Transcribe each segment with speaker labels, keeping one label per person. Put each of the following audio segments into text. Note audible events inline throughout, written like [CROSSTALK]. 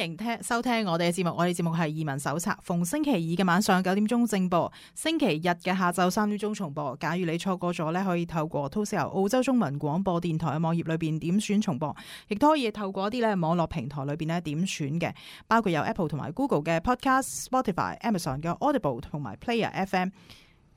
Speaker 1: 歡迎聽收聽我哋嘅節目，我哋節目係移民手冊，逢星期二嘅晚上九點鐘正播，星期日嘅下晝三點鐘重播。假如你錯過咗咧，可以透過 Toaster 澳洲中文廣播電台嘅網頁裏邊點選重播，亦都可以透過一啲咧網絡平台裏邊咧點選嘅，包括有 Apple 同埋 Google 嘅 Podcast、Spotify、Amazon 嘅 Audible 同埋 Player FM。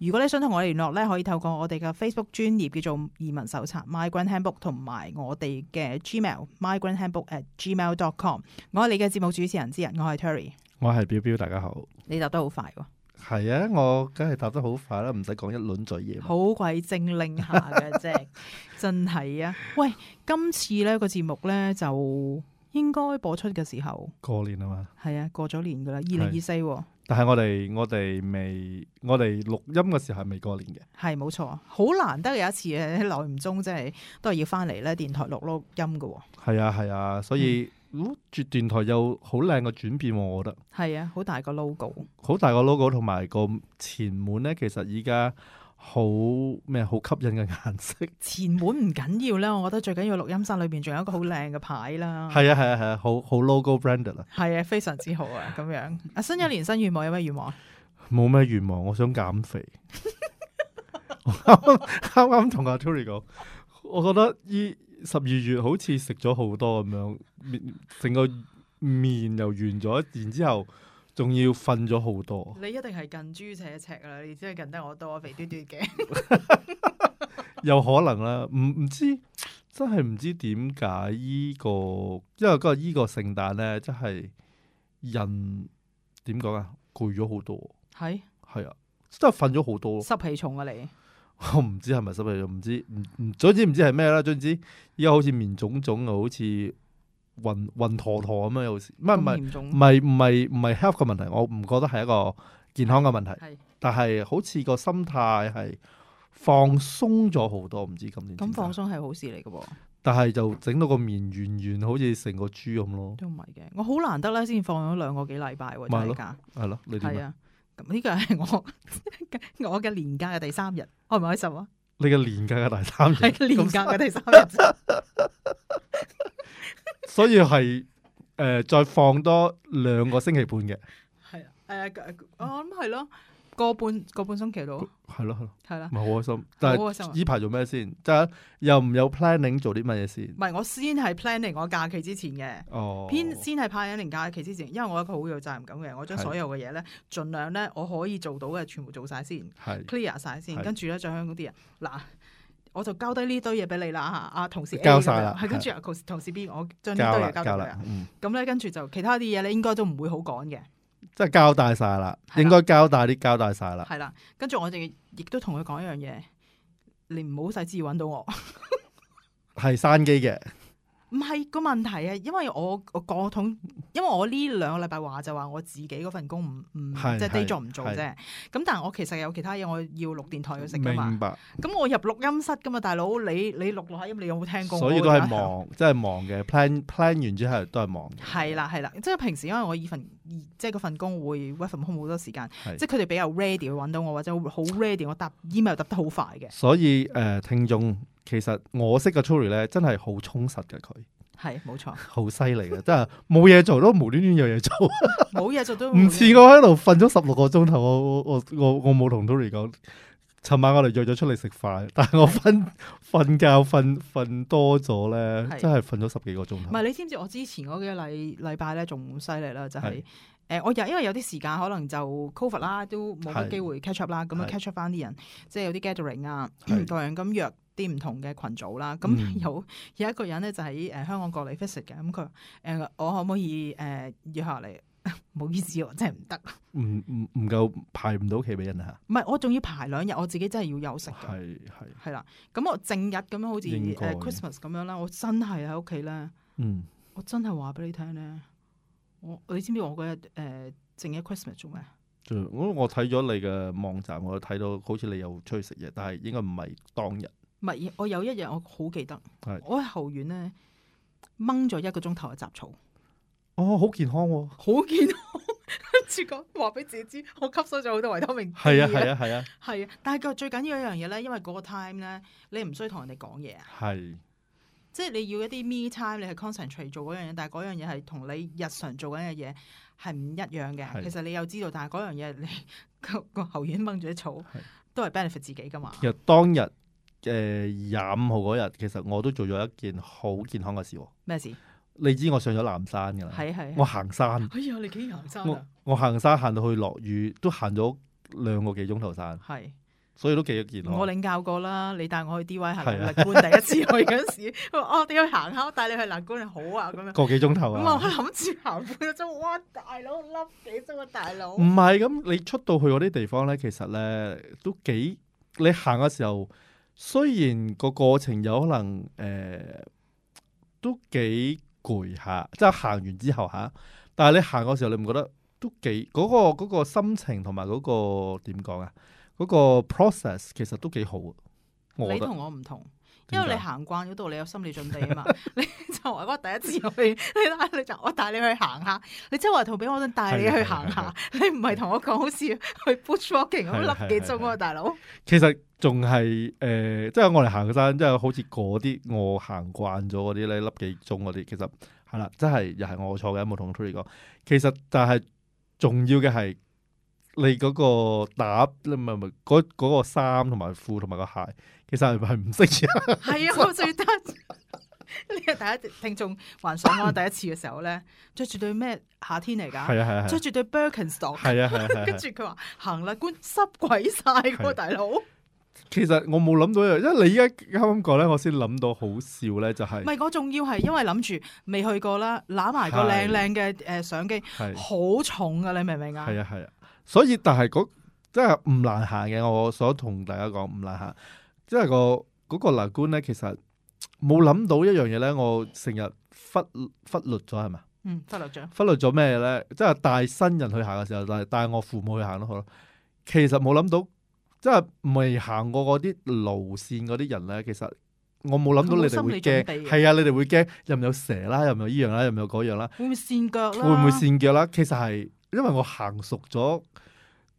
Speaker 1: 如果你想同我哋聯絡咧，可以透過我哋嘅 Facebook 專頁叫做移民手冊 Migrant Handbook，同埋我哋嘅 Gmail Migrant Handbook at Gmail dot com。我係你嘅節目主持人之一，我係 Tury，
Speaker 2: 我係 Bill Bill。大家好。
Speaker 1: 你答得好快喎！
Speaker 2: 係啊，我梗係答得好快啦，唔使講一輪嘴嘢。
Speaker 1: 好鬼精靈下㗎啫， [LAUGHS] 真係啊！喂，今次呢個節目咧就應該播出嘅時候，
Speaker 2: 過年啊嘛？
Speaker 1: 係啊，過咗年噶啦，二零二四。
Speaker 2: 但係我哋我哋未，我哋錄音嘅時候係未過年嘅。
Speaker 1: 係冇錯，好難得有一次嘅，耐唔中即係都係要翻嚟咧電台錄錄音噶。
Speaker 2: 係啊，係啊，所以咁轉電台有好靚嘅轉變，我覺得。
Speaker 1: 係啊，好大個 logo，
Speaker 2: 好大個 logo 同埋個前門咧，其實依家。好咩？好吸引嘅顏色，前門唔緊要
Speaker 1: 啦，我覺得最緊要錄音室裏邊仲有一個好靚嘅牌啦。係
Speaker 2: [LAUGHS] 啊係啊係啊，好好 logo branded 啦。
Speaker 1: 係啊，非常之好啊，咁樣。啊， [LAUGHS] 新一年新願望有咩願望？
Speaker 2: 冇咩願望，我想減肥。啱啱同阿 Tury 講，我覺得依十二月好似食咗好多咁樣，面成個面又圓咗，然之後。仲要瞓咗好多，
Speaker 1: 你一定係近朱者赤啦，你真係近得我多我肥嘟嘟嘅。
Speaker 2: 有可能啦。唔唔知，真係唔知點解依個，因為嗰個依個聖誕咧，真係人點講啊，攰咗好多，係係是啊，真係瞓咗好多，濕氣重啊你，我唔 [LAUGHS] 知係咪濕氣重，唔知唔唔，總之唔知係咩啦。總之而家好似面腫腫好似。暈暈陀陀咁樣有時，唔係唔係唔係唔係 health 嘅問題，我唔覺得係一個健康嘅問題，的但係好似個心態係放鬆咗好多，唔知今年咁
Speaker 1: 放鬆係好事嚟
Speaker 2: 嘅噃，但係就整到個面圓圓，好似成個豬咁咯，都唔係嘅，
Speaker 1: 我好難得咧先放咗兩個幾禮拜喎，年假係咯，係啊，咁呢個係我 [LAUGHS] 我嘅年假嘅第三日，我唔開心啊，
Speaker 2: 你嘅年假嘅第三日，
Speaker 1: 年假嘅第三日。
Speaker 2: 所以係誒，再放多兩個星期半嘅。
Speaker 1: 係啊，誒，我諗係咯，個半個半星期到。係
Speaker 2: 咯，係咯，係啦。唔係好開心，但係呢排做咩先？即係又唔有 planning 做啲乜嘢先？
Speaker 1: 唔係，我先係 planning 我假期之前嘅。哦。偏先係 planning 假期之前，因為我一個好有責任感嘅，我將所有嘅嘢咧，盡量咧我可以做到嘅，全部做晒先，clear 晒先，跟住咧再向嗰啲人嗱。我就交低呢堆嘢俾你啦吓，阿同事 A 交晒啦。係跟住阿同事 B 我將呢堆嘢交咗佢，咁咧跟住就其他啲嘢咧，應該都唔會好趕嘅，
Speaker 2: 即係交代晒啦，應該交代啲交代晒啦，係
Speaker 1: 啦，跟住我哋亦都同佢講一樣嘢，你唔好使揾到我，
Speaker 2: 係山機嘅。
Speaker 1: 唔係個問題啊，因為我我個桶，因為我呢兩個禮拜話就話我自己嗰份工唔唔 [MUSIC] 即係 day job 唔做啫。咁 [MUSIC] 但係我其實有其他嘢，我要錄電台去食噶嘛。咁白我入錄音室噶嘛，大佬你你錄落去，你有冇聽過？所以都係忙，
Speaker 2: 即係 [LAUGHS] 忙嘅。plan plan 完之後都係忙。
Speaker 1: 係啦係啦，即係平時因為我以份即係嗰份工會 work from home 好多時間，即係佢哋比較 ready 揾到我或者好 ready，我答 email 答得好快嘅。
Speaker 2: 所以誒、呃，聽眾。其實我識嘅 Tury 咧，真係好充實嘅佢，
Speaker 1: 係冇錯，
Speaker 2: 好犀利嘅，真係冇嘢做都無端端有嘢做，冇嘢做都。唔似我喺度瞓咗十六個鐘頭，我我我我冇同 Tury 講，尋晚我哋約咗出嚟食飯，但係我瞓瞓覺瞓瞓多咗咧，真係瞓咗十幾個鐘頭。
Speaker 1: 唔係你知唔知，我之前嗰幾個禮禮拜咧仲犀利啦，就係誒，我有因為有啲時間可能就 Cover 啦，都冇乜機會 Catch Up 啦，咁樣 Catch Up 翻啲人，即係有啲 Gathering 啊，各樣咁約。啲唔同嘅群組啦，咁有、嗯、有一個人咧就喺、是、誒香港過嚟 visit 嘅，咁佢誒我可唔可以誒、呃、約下嚟？唔 [LAUGHS] 好意思，我真係唔得，唔
Speaker 2: 唔唔夠排唔到企俾人啊！唔
Speaker 1: 係，我仲要排兩日，我自己真係要休息。係係係啦，咁我正日咁該、呃、樣好似誒 Christmas 咁樣啦，我真係喺屋企咧，我真係話俾你聽咧，我你知唔知我嗰、呃、日誒正日 Christmas 做咩？
Speaker 2: 做，我我睇咗你嘅網站，我睇到好似你又出去食嘢，但係應該唔係當日。
Speaker 1: 唔係，我有一日我好記得，是我喺後院咧掹咗一個鐘頭嘅雜草，
Speaker 2: 哦，好健康，啊，健康，好健康，
Speaker 1: 跟住講話俾自己知，我吸收咗好多維他命 D，係啊係啊係啊，係啊，啊，啊，但係個最緊要一樣嘢咧，因為嗰個 time 咧，你唔需要同人哋講嘢啊，
Speaker 2: 係是，
Speaker 1: 即係你要一啲 me time，你係 concentrate 做嗰樣嘢，但係嗰樣嘢係同你日常做緊嘅嘢係唔一樣嘅，是其實你又知道，但係嗰樣嘢你個後院掹咗啲草都係 benefit 自己噶嘛，
Speaker 2: 其實當日。誒，廿五、呃、號嗰日，其實我都做咗一件好健康嘅事,、啊、事。咩事？你知我上咗南山噶啦，係啊係我行山。哎
Speaker 1: 呀，你幾行山、啊、我,
Speaker 2: 我行山行到去落雨，都行咗兩個幾鐘頭山。係是，所以都幾健康。我
Speaker 1: 領教過啦，你帶我去 D 威行南冠、啊、第一次去嗰時，我我哋行啊，我帶你去南冠好啊咁樣。個幾鐘頭啊？嗯、我諗住行半粒鐘，哇大佬，粒幾鐘啊大佬。
Speaker 2: 唔係咁，你出到去嗰啲地方咧，其實咧都幾你行嘅時候。雖然個過程有可能誒、呃、都幾攰下，即係行完之後下，但係你行嘅時候，你唔覺得都幾嗰、嗰個嗰、嗰個心情同埋嗰個點講啊？嗰、嗰個 process 其實都幾好，我覺得你同我
Speaker 1: 唔同。因為你行慣嗰度，你有心理準備啊嘛， [LAUGHS] 你就話我第一次去，你啦你就我帶你去行下，你即係話同俾我想帶你去行下，的你唔係同我講好似去 bush walking 咁粒幾鐘啊，大佬。
Speaker 2: 其實仲係誒，即係我哋行山，即係好似嗰啲我行慣咗嗰啲咧，粒幾鐘嗰啲，其實係啦，真係又係我錯嘅，冇同 Tury 講。其實但係重要嘅係你嗰個搭，唔係唔係嗰嗰個衫同埋褲同埋個鞋。其實係唔識字，係啊，我
Speaker 1: 記得呢係第一聽眾，還想我第一次嘅時候咧，着住對咩夏天嚟噶？係啊係啊係，着住對 Birkenstock，係啊係跟住佢話行啦，官濕鬼晒，大佬。
Speaker 2: 其實我冇諗到，因為你依家咁講咧，我先諗到好笑咧，就是，就係唔係？
Speaker 1: 我仲要係因為諗住未去過啦，攞埋個靚靚嘅誒相機，好重噶，啊，你明唔明啊？係啊
Speaker 2: 係啊，所以但係嗰即係唔難行嘅，我想同大家講唔難行。即係個嗰個難關咧，其實冇諗到一樣嘢咧。我成日忽忽略咗係嘛？忽略咗、嗯、忽略咗咩咧？即係帶新人去行嘅時候，帶帶我父母去行都好咯。其實冇諗到，即係未行過嗰啲路線嗰啲人咧。其實我冇諗到你哋會驚，係啊，你哋會驚。又唔有蛇啦，又唔有呢樣啦，又唔有嗰樣啦。會唔會跣腳啦？會唔會跣腳啦？其實係，因為我行熟咗。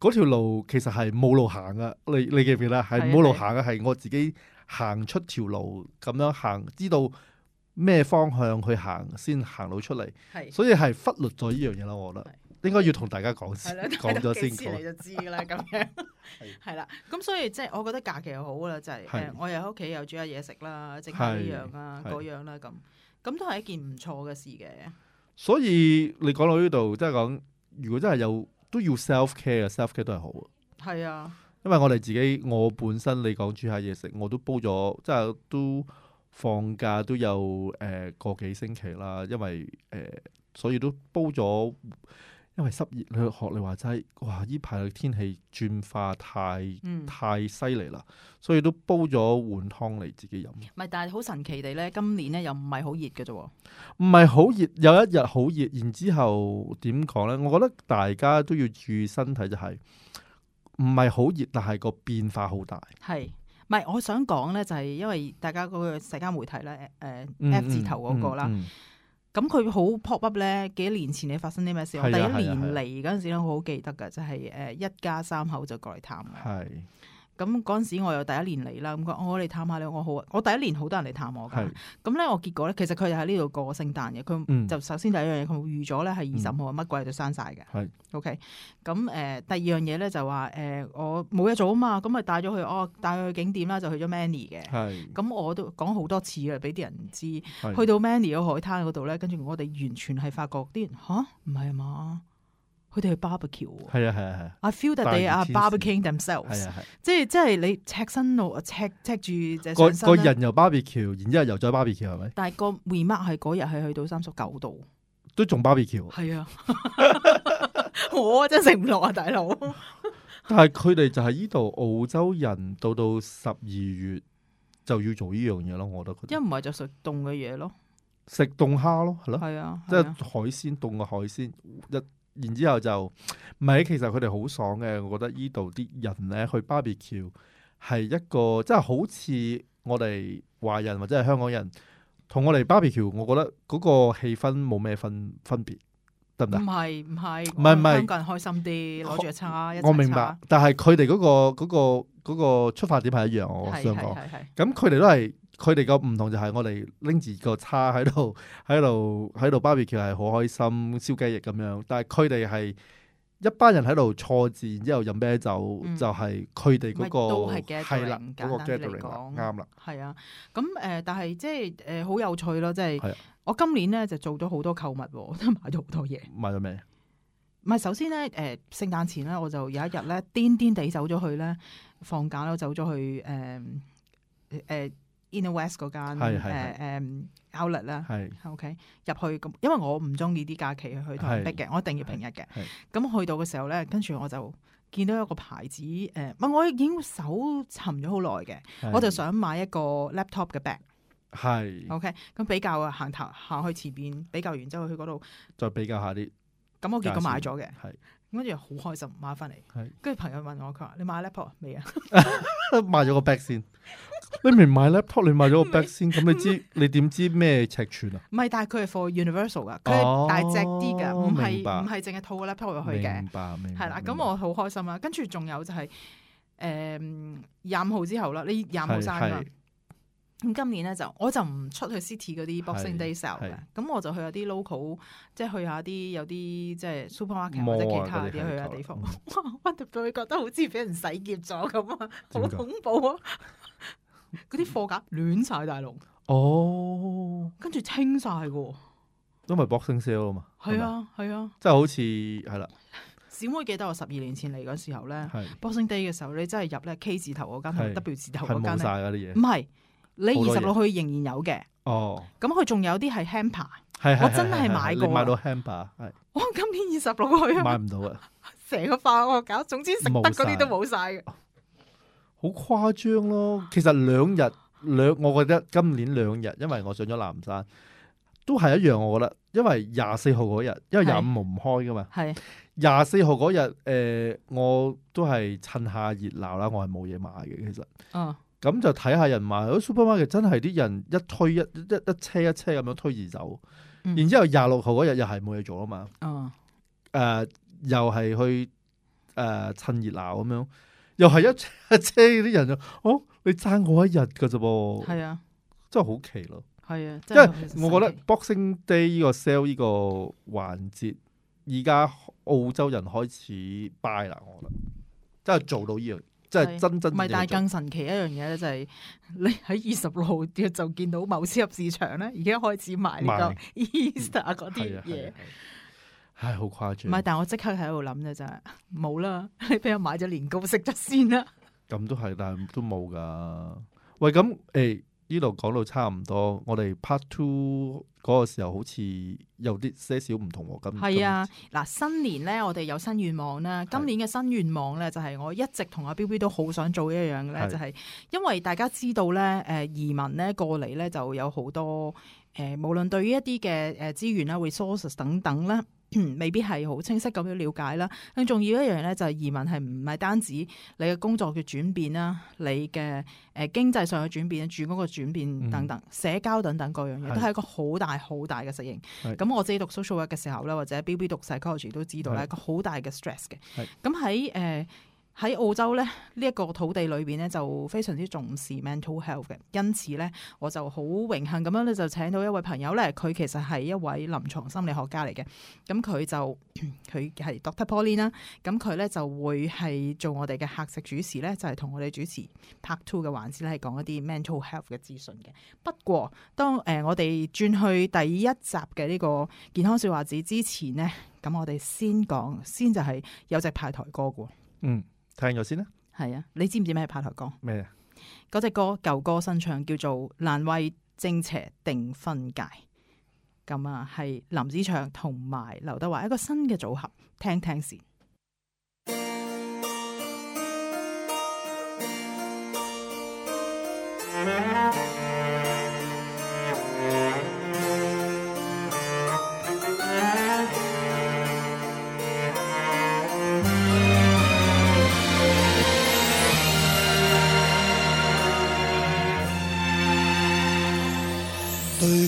Speaker 2: 嗰條路其實係冇路行噶你你記唔記得？係冇路行噶係我自己行出條路咁樣行，知道咩方向去行，先行到出嚟。所以係忽略咗呢樣嘢啦。我覺得應該要同大家講先，講咗先。你就
Speaker 1: 知啦，咁樣係啦。咁所以即係我覺得假期又好啦，就係我又喺屋企又煮下嘢食啦，整下呢樣啊，嗰樣啦，咁咁都係一件唔錯嘅事嘅。
Speaker 2: 所以你講到呢度，即係講如果真係有。都要 self care 啊，self care 都係好啊。係啊，因為我哋自己，我本身你講煮下嘢食，我都煲咗，即係都放假都有誒、呃、個幾星期啦，因為誒、呃，所以都煲咗。因為濕熱，你學你話齋，哇！呢排嘅天氣轉化太、嗯、太犀利啦，所以都煲咗碗湯嚟自己飲。
Speaker 1: 唔係，但係好神奇地咧，今年咧又唔係好熱㗎啫。唔
Speaker 2: 係好熱，有一日好熱，然之後點講咧？我覺得大家都要注意身體，就是，就係唔係好熱，但係個變化好大。
Speaker 1: 係唔係我想講咧，就係因為大家嗰個社交媒體咧，誒、嗯呃、，F 字頭嗰、那個啦。嗯嗯嗯嗯咁佢好 pop up 咧，幾年前你發生啲咩事？的第一年嚟嗰陣時咧，我好記得嘅，就係誒一家三口就過嚟探。咁嗰陣時我又第一年嚟啦，咁講我嚟、哦、探下你，我好，我第一年好多人嚟探我噶，咁咧是我結果咧，其實佢就喺呢度過聖誕嘅，佢就首先第一樣嘢佢預咗咧係二十號乜、嗯、鬼都閂晒嘅是，OK，咁誒、呃、第二樣嘢咧就話誒、呃、我冇嘢做啊嘛，咁咪帶咗去哦，帶佢去景點啦，就去咗 Manly 嘅，咁是我都講好多次嘅，俾啲人知，是去到 Manly 嘅海灘嗰度咧，跟住我哋完全係發覺啲人嚇唔係嘛？佢哋去 barbecue，
Speaker 2: 係啊係啊係 I feel that they are barbecuing themselves。係
Speaker 1: 啊係，即係即係你赤身露赤赤住就上身，個個人
Speaker 2: 又 barbecue 然之後又再 barbecue 係咪？
Speaker 1: 但係個 remark 係嗰日係去到三十九度，
Speaker 2: 都仲 barbecue 係
Speaker 1: 啊，我真係食唔落啊，大佬。
Speaker 2: 但係佢哋就係呢度澳洲人，到到十二月就要做呢樣嘢咯。我都覺得，
Speaker 1: 因為唔係就食凍嘅嘢咯，
Speaker 2: 食凍蝦咯，係咯，係啊，即係海鮮凍嘅海鮮一。然之後就唔係，其實佢哋好爽嘅。我覺得呢度啲人咧去 barbecue 係一個，即係好似我哋華人或者係香港人同我哋 barbecue，我覺得嗰個氣氛冇咩分分別，得唔得？唔係唔係
Speaker 1: 唔係香港人開心啲攞住個叉，好一叉我明白。
Speaker 2: 但係佢哋嗰個嗰個嗰個出發點係一樣，是我想講。咁佢哋都係。佢哋個唔同就係我哋拎住個叉喺度，喺度喺度。芭比 Q 係好開心燒雞翼咁樣，但係佢哋係一班人喺度坐住，然之後飲啤酒，就係佢哋嗰個係 gathering 啦，簡單嚟講啱啦，
Speaker 1: 係啊。咁誒，但係即係誒，好有趣咯，即係我今年咧就做咗好多購物，都買咗好多嘢。買咗咩？唔係首先咧，誒、呃，聖誕前咧，我就有一日咧癲癲地走咗去咧放假啦，走咗去誒誒。呃呃呃呃 In the West 嗰間誒誒 Outlet 啦，OK 入去咁，因為我唔中意啲假期去太逼嘅，我一定要平日嘅。咁去到嘅時候咧，跟住我就見到有個牌子誒，唔，我已經手沉咗好耐嘅，我就想買一個 laptop 嘅 bag。
Speaker 2: 係
Speaker 1: OK，咁比較行頭行去前邊比較完之後，去嗰度
Speaker 2: 再比較下啲。咁我結果買咗嘅，
Speaker 1: 咁跟住好開心買翻嚟。跟住朋友問我佢話：你買 laptop 未啊？
Speaker 2: 買咗個 bag 先。你唔買 laptop，你買咗個 bag 先，咁你知你點知咩尺寸
Speaker 1: 啊？唔係，但係佢係 for universal 噶，佢大隻啲噶，唔係唔係淨係套個 laptop 入去嘅。明
Speaker 2: 白係啦，咁我
Speaker 1: 好開心啦。跟住仲有就係誒廿五號之後啦，你廿五號生日啦。
Speaker 2: 咁
Speaker 1: 今年咧就我就唔出去 city 嗰啲 boxing day sale 嘅，咁我就去下啲 local，即係去下啲有啲即係 supermarket 或者其他啲去下地方。哇！我對佢覺得好似俾人洗劫咗咁啊，好恐怖啊！嗰啲貨架亂晒，大陸
Speaker 2: 哦，
Speaker 1: 跟住清晒噶，
Speaker 2: 都咪 Boxing Sale 啊嘛，係啊係啊，即係好似係啦。
Speaker 1: 小妹記得我十二年前嚟嗰時候咧，Boxing Day 嘅時候咧，你真係入咧 K 字頭嗰間同 W 字頭嗰間冇晒啲嘢。唔係你二十六去仍然有嘅，
Speaker 2: 哦，
Speaker 1: 咁佢仲有啲係 Hamper，
Speaker 2: 我真係買過，買到 Hamper，係
Speaker 1: 我今年二十六去，買唔到啊，成個百貨搞，總之食得嗰啲都冇晒嘅。
Speaker 2: 好誇張咯！其實兩日兩，我覺得今年兩日，因為我上咗南山，都係一樣我覺得。因為廿四號嗰日，因為廿五號唔開㗎嘛。係廿四號嗰日，誒、呃，我都係趁下熱鬧啦。我係冇嘢買嘅，其實。哦。咁就睇下人買。如果 supermarket 真係啲人一推一一一車一車咁樣推而走，嗯、然之後廿六號嗰日又係冇嘢做啊嘛。哦。誒、呃，又係去誒、呃、趁熱鬧咁樣。又係一車啲人啊！哦，你爭我一日噶啫噃，係啊，真係好奇咯。係啊，因為我覺得 Boxing Day 呢個 sell 呢個環節，而家澳洲人開始 buy 啦，我覺得即係做到呢樣，即係真真正。但係更
Speaker 1: 神奇一樣嘢咧，就係你喺二十六號就見到某啲入市場咧，而家開始賣呢個 Easter 嗰啲嘢。嗯
Speaker 2: 係好誇張。唔係，但我
Speaker 1: 即刻喺度諗嘅真係冇啦。你俾我買咗年糕食得先啦。
Speaker 2: 咁都係，但係都冇噶。喂，咁誒呢度講到差唔多，我哋 part two 嗰個時候好似有啲些少唔同喎。咁係
Speaker 1: 啊，嗱、啊、新年咧，我哋有新願望啦。今年嘅新願望咧，就係、是、我一直同阿 B B 都好想做一樣嘅咧，是就係因為大家知道咧，誒、呃、移民咧過嚟咧就有好多誒、呃，無論對於一啲嘅誒資源啦、resource 等等啦。嗯、未必係好清晰咁樣了解啦。更重要一樣嘢咧就係移民係唔係單止你嘅工作嘅轉變啦，你嘅誒、呃、經濟上嘅轉變、住嗰個轉變等等、嗯、社交等等各樣嘢，都係一個好大好大嘅適應。咁是我自己讀 social 嘅時候咧，或者 Bill Bill Bill 讀 psychology 都知道咧，一個好大嘅 stress 嘅。咁喺誒。喺澳洲咧，呢、這、一個土地裏邊咧就非常之重視 mental health 嘅，因此咧我就好榮幸咁樣咧就請到一位朋友咧，佢其實係一位臨床心理學家嚟嘅，咁佢就佢係 Doctor Pauline 啦，咁佢咧就會係做我哋嘅客席主持咧，就係、是、同我哋主持 Part Two 嘅環節咧係講一啲 mental health 嘅資訊嘅。不過當誒、呃、我哋轉去第一集嘅呢個健康小話子之前呢，咁我哋先講先就係有隻派台歌嘅，
Speaker 2: 嗯。聽咗先啦，
Speaker 1: 係啊，你知唔知咩係拍頭歌？
Speaker 2: 咩啊麼？
Speaker 1: 嗰隻歌舊歌新唱，叫做《難為正邪定分界》，咁啊係林子祥同埋劉德華一個新嘅組合，聽聽先。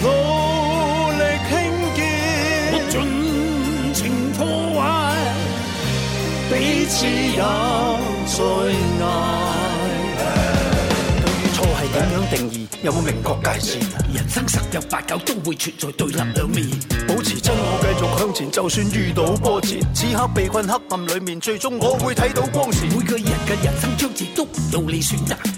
Speaker 3: 努力興建，我盡情破壞，
Speaker 2: 彼此也最愛。對與錯係點樣定義？有冇明確界線？人生十有八九都會存在對立兩面。保持真我，繼續向前，就算遇到波折，此刻被困黑暗裡面，最終我會睇到光線。每個人嘅人生章節都唔由你選擇。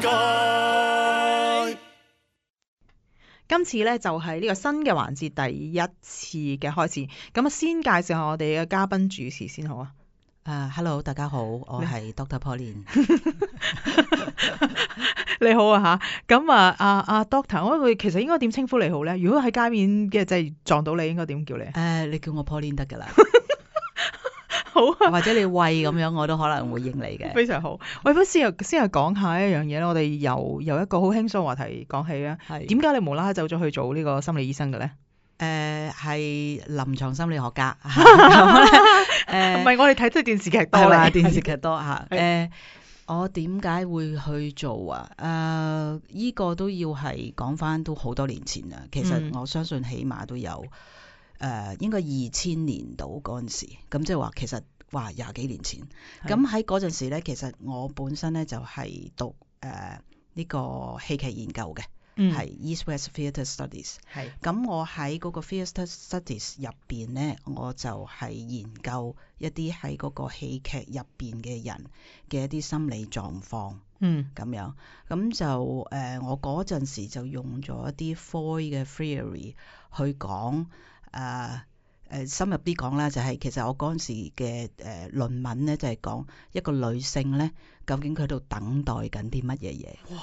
Speaker 1: 今次咧就係、是、呢個新嘅環節第一次嘅開始，咁啊先介紹下我哋嘅嘉賓主持先好啊。誒、uh,，Hello，大家好，我係
Speaker 4: Doctor Pauline。
Speaker 1: [LAUGHS] [LAUGHS] 你好啊吓，咁啊啊啊 Doctor，我會其實應該點稱呼你好咧？如果喺街面嘅即係撞到你，應該點叫你？誒，uh, 你叫我 Pauline 得噶啦。 [LAUGHS] 好、啊，或者你喂咁樣，我都可能會應你嘅。非常好。喂，不如先又先又講下一樣嘢啦。我哋由由一個好輕鬆話題講起啊。係是。點解你無啦啦走咗去做呢個心理醫生嘅咧？誒、呃，係臨
Speaker 4: 床心理學家。誒，唔係我哋睇即係電視劇多啦、啊，電視劇多吓。誒的、呃，我點解會去做啊？誒、呃，依、這個都要係講翻都好多年前啦。其實我相信起碼都有。嗯誒、uh, 應該二千年到嗰陣時，咁即係話其實話廿幾年前，咁喺嗰陣時咧，其實我本身咧就係讀誒呢、uh, 個戲劇研究嘅，係、嗯、East West Theatre Studies，係。咁是我喺嗰個 Theatre Studies 入邊咧，我就係研究一啲喺嗰個戲劇入邊嘅人嘅一啲心理狀況，嗯，咁樣。咁就誒，uh, 我嗰陣時就用咗一啲 Foy 嘅 Theory 去講。誒誒、uh, uh, 深入啲講啦，就係、是、其實我嗰陣時嘅誒、uh, 論文咧，就係、是、講一個女性咧，究竟佢喺度等待緊啲乜嘢嘢？哇！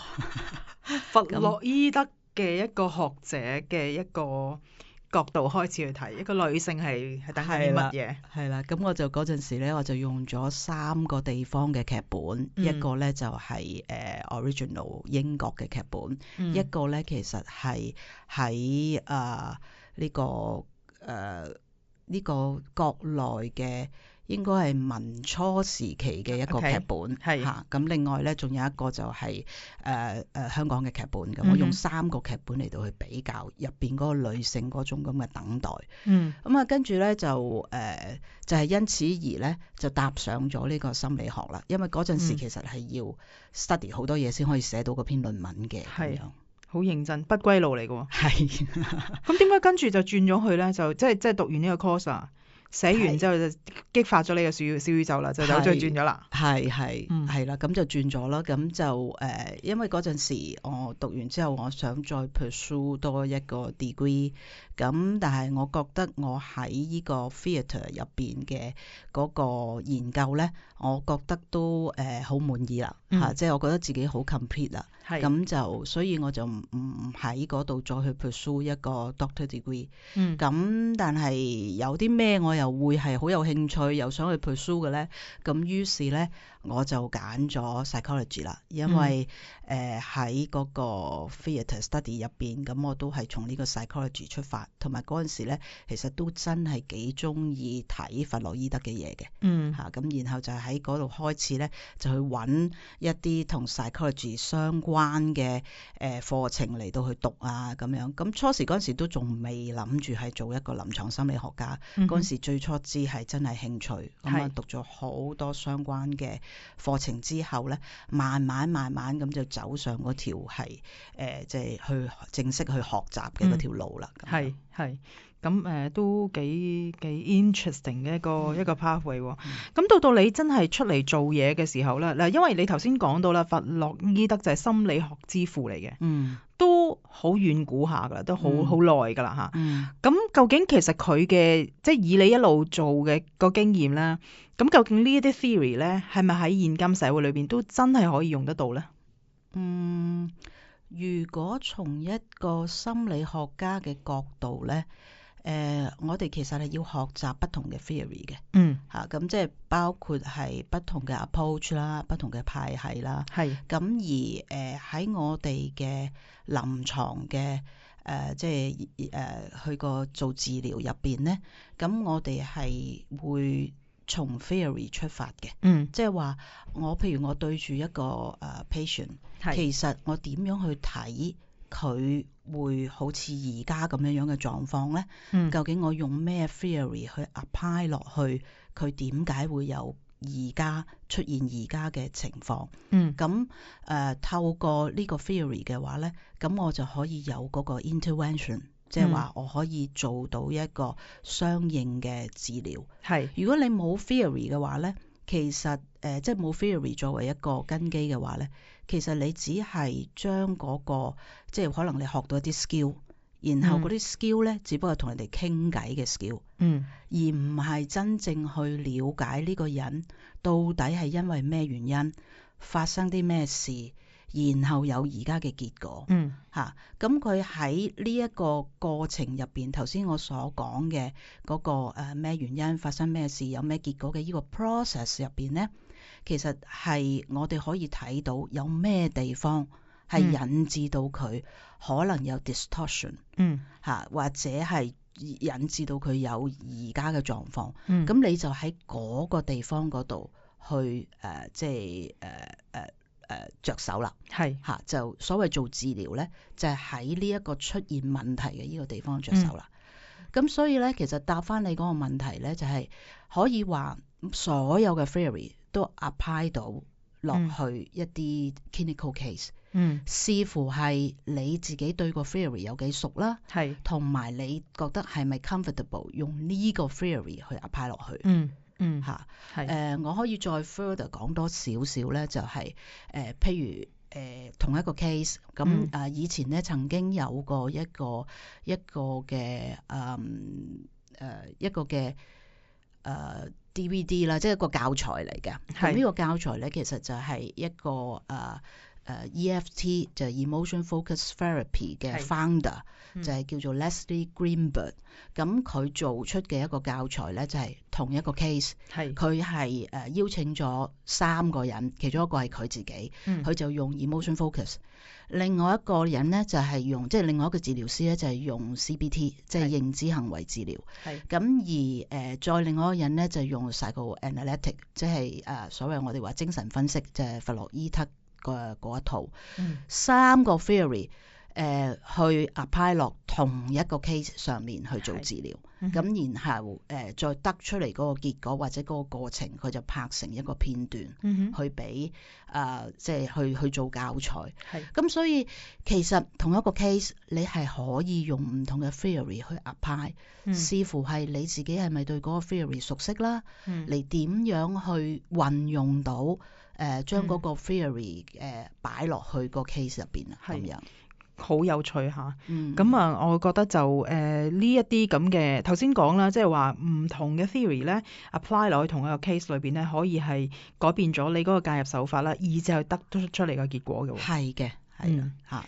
Speaker 4: 佛洛伊
Speaker 1: 德嘅一個學者嘅一個角度開始去睇一個女性係係等啲乜嘢？
Speaker 4: 係啦，咁我就嗰陣時咧，我就用咗三個地方嘅劇本，嗯、一個咧就係、是、誒、uh, original 英國嘅劇本，嗯、一個咧其實係喺誒呢個。誒，呢、呃，這個國內嘅應該係民初時期嘅一個劇本，係吓、okay, 是。咁、啊、另外咧，仲有一個就係誒誒香港嘅劇本嘅。我用三個劇本嚟到去比較入邊嗰個女性嗰種咁嘅等待。嗯。咁啊，跟住咧就誒，就係、呃就是、因此而咧就踏上咗呢個心理學啦。因為嗰陣時其實係要 study 好多嘢先可以寫到嗰篇論文嘅，咁好認真，不歸路嚟嘅喎。係。咁點解跟住就轉咗去咧？就即係即係讀完呢個 course 啊，寫完之後就激發咗你個小小宇宙啦，是就扭轉轉咗啦。係係，嗯係啦，咁就轉咗啦。咁就誒、呃，因為嗰陣時我讀完之後，我想再 pursue 多一個 degree。咁但係我覺得我喺呢個 theatre 入邊嘅嗰個研究咧，我覺得都誒好、呃、滿意啦。嚇、嗯啊，即、就、係、是、我覺得自己好 complete 啦。係，咁是就所以我就唔喺嗰度再去 pursue 一個 doctor degree。嗯，咁但係有啲咩我又會係好有興趣又想去 pursue 嘅咧？咁於是咧。我就揀咗 psychology 啦，因為誒喺嗰個 theatre study 入邊，咁我都係從呢個 psychology 出發，同埋嗰陣時咧，其實都真係幾中意睇弗洛伊德嘅嘢嘅，嚇咁、嗯啊、然後就喺嗰度開始咧，就去揾一啲同 psychology 相關嘅誒課程嚟到去讀啊咁樣。咁初時嗰陣時都仲未諗住係做一個臨床心理學家，嗰陣、嗯、哼時最初知係真係興趣，咁啊讀咗好多相關嘅課程之後咧，慢慢慢慢咁就走上嗰條係誒，即係、呃、去正式去學習嘅嗰條路啦。咁係係。樣咁誒、嗯、都幾
Speaker 1: 幾 interesting 嘅一個、嗯、一個 pathway 喎、哦。咁到到你真係出嚟做嘢嘅時候咧，嗱，因為你頭先講到啦，弗洛伊德就係心理學之父嚟嘅，嗯，都好遠古下噶啦，都好好耐噶啦嚇。咁究竟其實佢嘅，即係以你一路做嘅個經驗咧，咁究竟呢一啲 theory 咧，係咪喺現今社會裏邊都真係可以用得到咧？嗯，
Speaker 4: 如果從一個心理學家嘅角度咧。誒、呃，我哋其實係要學習不同嘅 theory 嘅，嗯，嚇咁、啊、即係包括係不同嘅 approach 啦，不同嘅派系啦，係是。咁而誒喺、呃、我哋嘅臨床嘅誒、呃，即係誒、呃、去個做治療入邊咧，咁我哋係會從 theory 出發嘅，嗯，即係話我譬如我對住一個誒 patient，係是其實我點樣去睇？佢會好似而家咁樣樣嘅狀況咧，嗯、究竟我用咩 theory 去 apply 落去？佢點解會有而家出現而家嘅情況？嗯，咁誒、呃、透過個呢個 theory 嘅話咧，咁我就可以有嗰個 intervention，即係話我可以做到一個相應嘅治療。係、嗯，如果你冇 theory 嘅話咧。其實誒、呃，即係冇 theory 作為一個根基嘅話咧，其實你只係將嗰、嗰個即係可能你學到一啲 skill，然後嗰啲 skill 咧，只不過同人哋傾偈嘅 skill，嗯，而唔係真正去了解呢個人到底係因為咩原因發生啲咩事。然後有而家嘅結果，嗯，吓、啊，咁佢喺呢一個過程入邊，頭先我所講嘅嗰、那個誒咩、呃、原因發生咩事，有咩結果嘅呢個 process 入邊咧，其實係我哋可以睇到有咩地方係引致到佢可能有 distortion，嗯，吓、啊、或者係引致到佢有而家嘅狀況，嗯，咁、嗯嗯、你就喺嗰個地方嗰度去誒、呃，即係誒，誒、呃。呃誒、呃、着手啦，係嚇是、啊、就所謂做治療咧，就係喺呢一個出現問題嘅呢個地方着手啦。咁、嗯、所以咧，其實答翻你嗰個問題咧，就係、是、可以話所有嘅 theory 都 apply 到落去一啲 clinical case。嗯，視乎係你自己對個 theory 有幾熟啦，係同埋你覺得係咪 comfortable 用呢個 theory 去 apply 落去。嗯。嗯嚇，係誒、呃、我可以再 further 講多少少咧，就係、是、誒、呃、譬如誒、呃、同一個 case，咁誒、嗯呃、以前咧曾經有過一個一個嘅誒誒一個嘅誒、呃、DVD 啦，即係一個教材嚟嘅。咁呢是個教材咧，其實就係一個誒。呃誒、uh, EFT 就係 emotion focus therapy 嘅 founder、嗯、就係叫做 Leslie Greenberg，咁佢做出嘅一個教材咧就係、是、同一個 case，佢係誒邀請咗三個人，其中一個係佢自己，佢、嗯、就用 emotion focus，另外一個人咧就係、是、用即係另外一個治療師咧就係、是、用 CBT 即係認知行為治療，咁是而誒、呃、再另外一個人咧就是、用 psychoanalytic 即、就、係、是、誒、uh, 所謂我哋話精神分析即係弗洛伊德。嘅嗰一套、嗯、三個 theory，誒、呃、去 apply 落同一個 case 上面去做治療，咁、嗯、然後誒、呃、再得出嚟嗰個結果或者嗰個過程，佢就拍成一個片段，嗯、哼去俾啊、呃、即係去去做教材。係咁是，所以其實同一個 case 你係可以用唔同嘅 theory 去 apply，視、嗯、乎係你自己係咪對嗰個 theory 熟悉啦，嚟點樣去運用到。嗯誒，將嗰、呃、個 theory 誒、呃、擺落去個 case 入邊啊，咁是樣好
Speaker 1: 有趣吓。咁啊、嗯、啊，我覺得就誒呢一啲咁嘅，頭先講啦，即係話唔同嘅 theory 咧 apply 落去同一個 case 裏邊咧，可以係改變咗你嗰個介入手法啦，以至係得出出嚟嘅結果嘅。係嘅，係、嗯、啊，吓。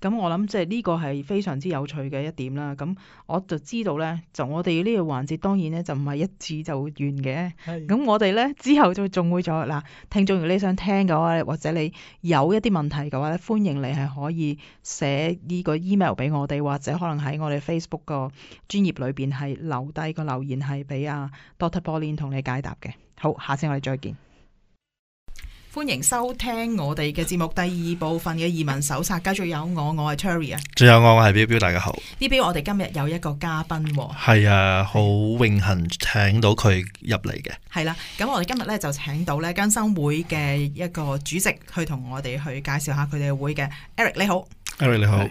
Speaker 1: 咁、啊、我諗即係呢個係非常之有趣嘅一點啦。咁我就知道咧，就我哋呢個環節當然咧就唔係一次就完嘅。咁是我哋咧之後就仲會再嗱，聽眾如果你想聽嘅話，或者你有一啲問題嘅話咧，歡迎你係可以寫呢個 email 俾我哋，或者可能喺我哋 Facebook 個專頁裏邊係留低個留言係俾啊 Dr Pauline 同你解答嘅。好，下次我哋再見。歡迎收聽我哋嘅節目第二部分嘅移民手冊，繼續有我，我係 Tury 啊，
Speaker 2: 仲有我，我係 Bill Bill，大家好。
Speaker 1: 呢邊我哋今日有一個嘉賓，
Speaker 2: 係啊，好榮幸請到佢入嚟嘅。
Speaker 1: 係啦，咁我哋今日咧就請到咧更生會嘅一個主席去同我哋去介紹下佢哋會嘅 Eric，你好
Speaker 2: ，Eric 你好，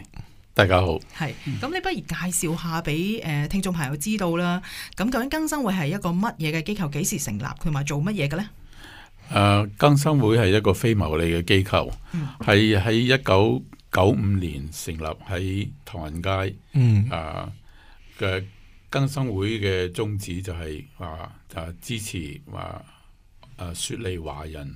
Speaker 3: 大家好。
Speaker 1: 係，咁你不如介紹下俾誒聽眾朋友知道啦。咁究竟更生會係一個乜嘢嘅機構？幾時成立？同埋做乜嘢嘅咧？
Speaker 3: 誒，uh，更生會係一個非牟利嘅機構，係喺一九九五年成立喺唐人街。嗯、啊，嘅更生會嘅宗旨就係、是、話，就、啊啊、支持話，誒、啊啊，雪梨華人，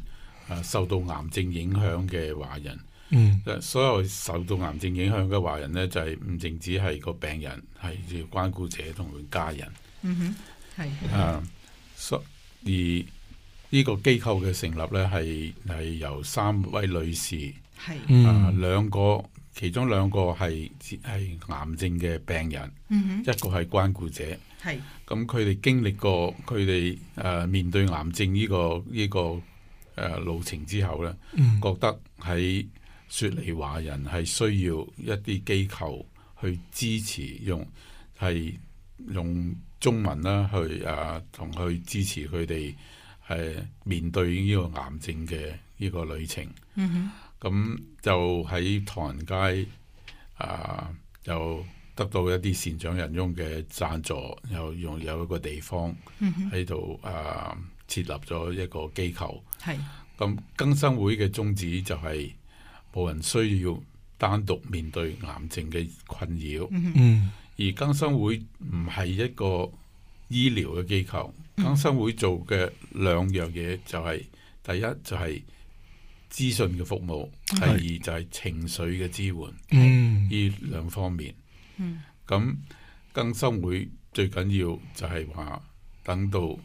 Speaker 3: 誒、啊，受到癌症影響嘅華人。嗯、所有受到癌症影響嘅華人咧，就係唔淨止係個病人，係要關顧者同佢家人。
Speaker 2: 係啊，
Speaker 3: 所以。呢個機構嘅成立呢，係係由三位女士，係是啊兩個，其中兩個係係癌症嘅病人，嗯、哼一個係關顧者，係咁佢哋經歷過佢哋誒面對癌症呢、呢個呢、呢個誒、啊、路程之後呢、嗯、覺得喺雪梨華人係需要一啲機構去支持，用係用中文啦去啊同去支持佢哋。係面對呢個癌症嘅呢個旅程，咁、mm hmm. 就喺唐人街啊、呃，就得到一啲善長人翁嘅贊助，又用有一個地方喺度啊設立咗一個機構。係咁、mm，hmm. 更生會嘅宗旨就係冇人需要單獨面對癌症嘅困擾。Mm hmm. 而更生會唔係一個醫療嘅機構。更生會做嘅兩樣嘢，就係、是，第一就係資訊嘅服務，第二就係情緒嘅支援，呢兩方面。咁、嗯嗯、更生會最緊要就係話等到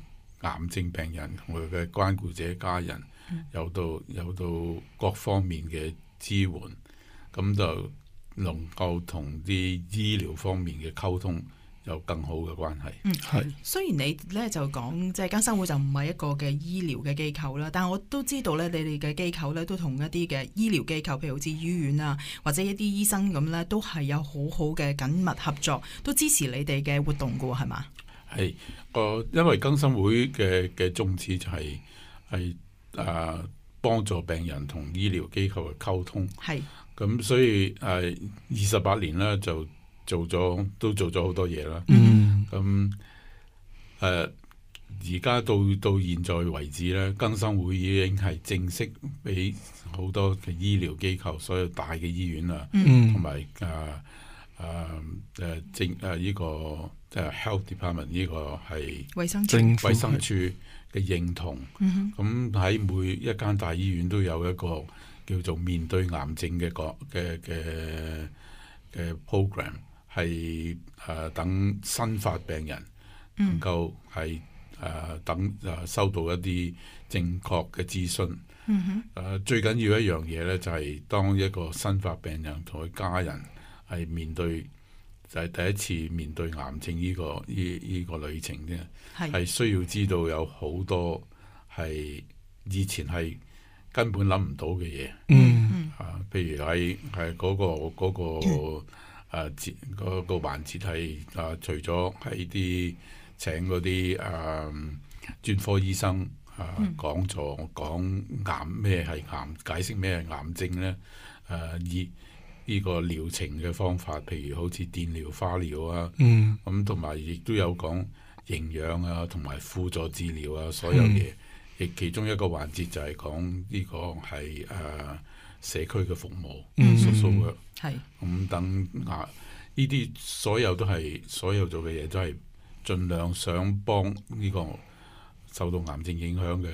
Speaker 3: 癌症病人同佢嘅關顧者家人有到有到各方面嘅支援，咁就能夠同啲醫療方面嘅溝通有更好嘅關係。嗯，係是。
Speaker 1: 雖然你咧就講即係更生會就唔係一個嘅醫療嘅機構啦，但係我都知道咧，你哋嘅機構咧都同一啲嘅醫療機構，譬如好似醫院啊，或者一啲醫生咁咧，都係有好好嘅緊密合作，都支持你哋嘅活動㗎喎，係嘛？
Speaker 3: 係，我、呃、因為更生會嘅嘅宗旨就係係誒幫助病人同醫療機構嘅溝通。係是。咁所以誒，二十八年咧就。做咗都做咗好多嘢啦，咁誒而家到到現在為止咧，更生會已經係正式俾好多嘅醫療機構所有大嘅醫院啊，同埋誒誒誒政誒呢個誒、呃、health department 呢個係衛生政衞生署嘅認同。咁喺、mm hmm. 嗯、每一間大醫院都有一個叫做面對癌症嘅個嘅嘅嘅 program。係誒、啊，等新發病人能夠係誒等誒、啊、收到一啲正確嘅資訊。誒、嗯哼啊，最緊要一樣嘢咧，就係、是、當一個新發病人同佢家人係面對就係、是、第一次面對癌症呢、這個呢呢個，個，個，個，個旅程咧，係是需要知道有好多係以前係根本諗唔到嘅嘢。嗯，啊、嗯，譬如喺喺嗰個嗰個。啊！截、那、嗰個環節係啊，除咗喺啲請嗰啲啊專科醫生啊、嗯、講座講癌咩係癌，解釋咩係癌症咧？誒以呢個療程嘅方法，譬如好似電療、化療啊，咁同埋亦都有講營養啊，同埋輔助治療啊，所有嘢，亦、嗯、其中一個環節就係講呢個係誒。啊社區嘅服務，叔叔嘅，係咁係，嗯，等啊！呢啲所有都係，所有做嘅嘢都係盡量想幫呢個受到癌症影響嘅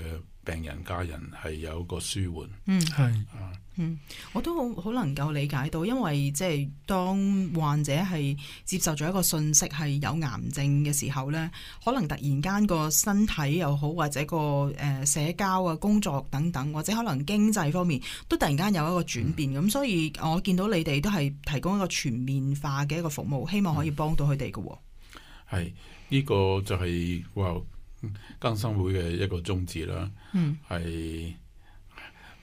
Speaker 3: 病人家人係有一個舒緩。嗯，係啊。
Speaker 1: 嗯，我都好好能夠理解到，因為即係當患者係接受咗一個信息係有癌症嘅時候呢，可能突然間個身體又好，或者個誒社交啊、工作等等，或者可能經濟方面都突然間有一個轉變咁，嗯、所以我見到你哋都係提供一個全面化嘅一個服務，希望可以幫到佢哋嘅。
Speaker 3: 係呢、嗯，這個就係、是、哇更生會嘅一個宗旨啦。係、嗯。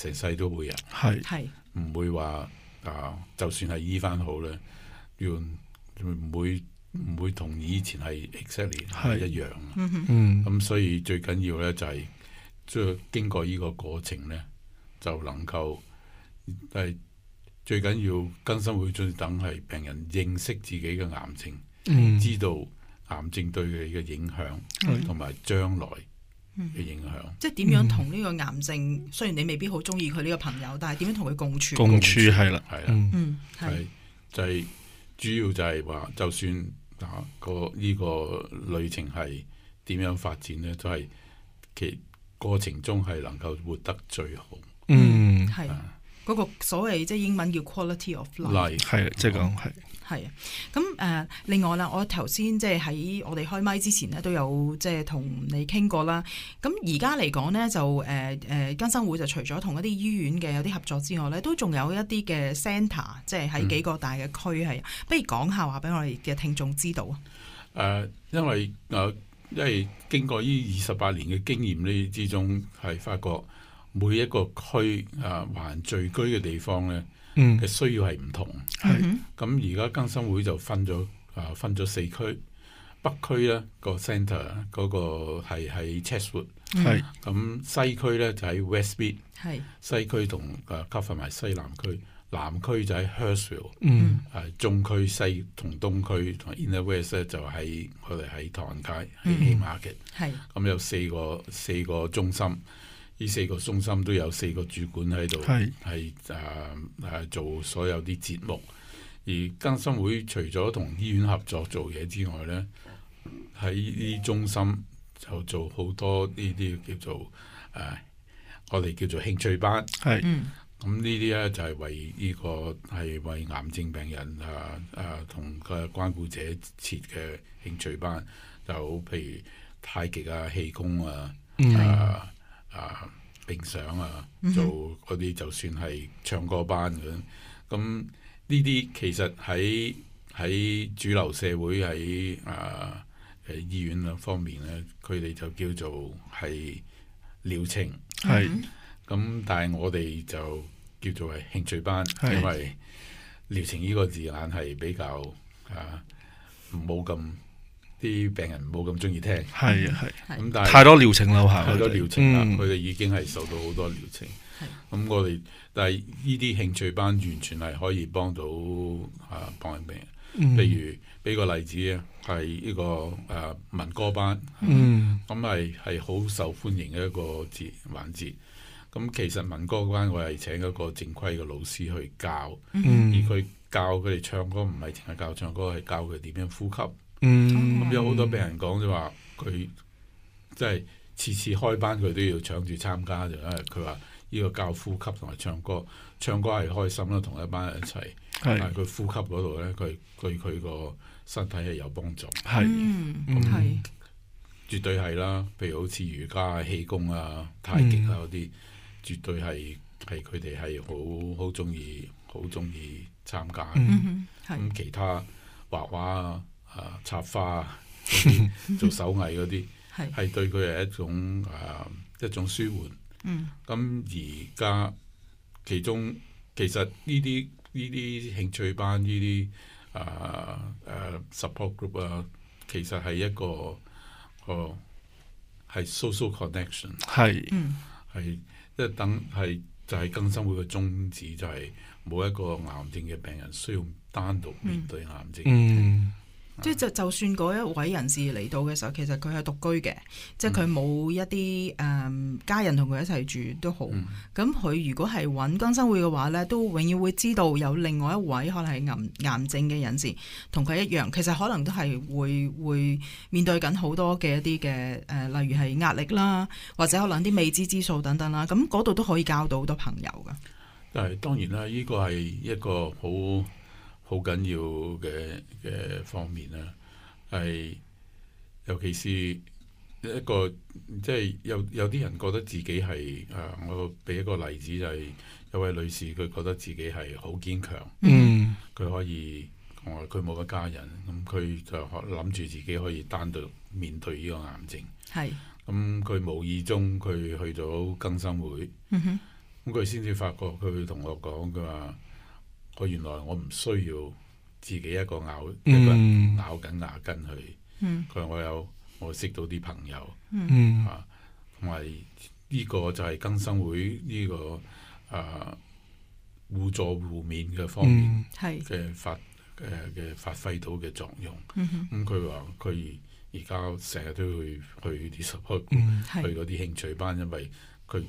Speaker 3: 成世都會啊，係
Speaker 2: 係唔
Speaker 3: 會話啊、呃，就算係醫翻好咧，要唔會唔會同以前係 exactly 一樣，嗯咁、嗯嗯嗯、所以最緊要咧就係即係經過呢個過程咧，就能夠係最緊要更生會再等係病人認識自己嘅癌症，嗯、知道癌症對佢嘅影響，同埋將來。嘅影響，即係點樣
Speaker 1: 同呢個癌症？雖然你未必好鍾意佢呢個朋友，但係點樣同佢共處？共處係啦，係啦，嗯，係
Speaker 3: 就係，主要就係話，就算嗱個呢個旅程係點樣發展咧，都係其過程中係能夠活得最好。嗯，
Speaker 2: 係
Speaker 1: 嗰個所謂即係英文叫 quality of
Speaker 2: life，係即係講係。
Speaker 1: 係啊，咁誒，另外啦，我頭先即係喺我哋開麥之前咧，都有即係同你傾過啦。咁而家嚟講咧，就誒誒，更、呃、生會就除咗同一啲醫院嘅有啲合作之外咧，都仲有一啲嘅 centre 即係喺幾個大嘅區係，不如講下話俾我哋嘅聽眾知道啊。
Speaker 3: 誒、呃，因為誒、呃，因為經過呢二十八年嘅經驗呢，之中係發覺每一個區啊、呃，還聚居嘅地方咧。嘅、mm hmm. 需要係唔同，係咁而家更生會就分咗啊，分咗四區，北區咧、嗰個 centre 嗰個係喺 Chatswood，係咁、mm hmm. 嗯、西區咧就喺 Westfield 西區同啊 cover 埋西南區，南區就喺 Hurstville 嗯，中區西同東區同 Inner West 咧就喺我哋喺唐人街喺 Haymarket，咁有四個四個中心。呢四個中心都有四個主管喺度，係係誒誒做所有啲節目。而更生會除咗同醫院合作做嘢之外咧，喺呢啲中心就做好多呢啲叫做誒，我、啊、哋叫做興趣班。係是，咁呢啲咧就係為呢、這個係為癌症病人誒誒同佢關顧者設嘅興趣班，就譬如太極啊、氣功啊啊。嗯啊啊，影相啊，嗯、哼做嗰啲就算係唱歌班咁，咁呢啲其實喺喺主流社會，喺啊誒，醫院兩方面咧，佢哋就叫做係療程，係咁是，嗯、哼但係我哋就叫做係興趣班，是因為療程呢個字眼係比較啊冇咁。啲病人冇咁中意聽，係啊係，咁但係太多療程啦，太多療程啦，佢哋已經係受到好多療程。咁我哋但係呢啲興趣班完全係可以幫到啊，幫病人，譬如俾個例子啊，係呢個誒文歌班，咁係係好受歡迎嘅一個節、環節。咁其實文歌班我係請一個正規嘅老師去教，而佢教佢哋唱歌唔係淨係教唱歌，係教佢點樣呼吸。咁有好多病人講就話佢，即係次次開班佢都要搶住參加就，因為佢話呢個教呼吸同埋唱歌，唱歌係開心啦，同一班人一齊，但係佢呼吸嗰度咧，佢對佢個身體係有幫助，係，咁絕對係啦。譬如好似瑜伽啊、氣功啊、太極啊嗰啲，絕對係係佢哋係好好中意、好中意參加。咁其他畫畫啊。啊！插花、啊、做手藝嗰啲係，係 [LAUGHS] 是對佢係一種誒、啊、一種舒緩。咁而家其中其實呢啲呢啲興趣班呢啲誒誒 support group 啊，其實係一個個係、啊、social connection 是。係、嗯，係即係等係就係、是、更生會嘅宗旨，就係、是、冇一個癌症嘅病人需要單獨面對癌症。嗯嗯。
Speaker 1: 即係就就算嗰一位人士嚟到嘅時候，其實佢係獨居嘅，嗯、即係佢冇一啲誒、嗯、家人同佢一齊住都好。咁佢、嗯、如果係揾更生會嘅話呢都永遠會知道有另外一位可能係癌癌症嘅人士同佢一樣。其實可能都係會會面對緊好多嘅一啲嘅誒，例如係壓力啦，或者可能啲未知之數等等啦。咁嗰度都可以交到好多朋
Speaker 4: 友噶。
Speaker 3: 但係當然啦，呢、呢個係一個好好緊要嘅嘅方面啦，係尤其是一個即係有有啲人覺得自己係啊，我俾一個例子就係、是、一位女士，佢覺得自己係好堅強，嗯，佢可以我佢冇乜家人，咁佢就諗住自己可以單獨面對呢個癌症，係是，咁佢、嗯、無意中佢去咗更生會，咁佢先至發覺佢同我講，佢話。我原來我唔需要自己一個咬、嗯、一個人咬緊牙根去。佢話、嗯、我有我識到啲朋友、嗯、啊，同埋呢個就係更生會呢、這個啊互助互勉嘅方面，嘅、嗯、發誒嘅、呃、發揮到嘅作用。咁佢話佢而家成日都會去去啲 support，去嗰啲興趣班，因為佢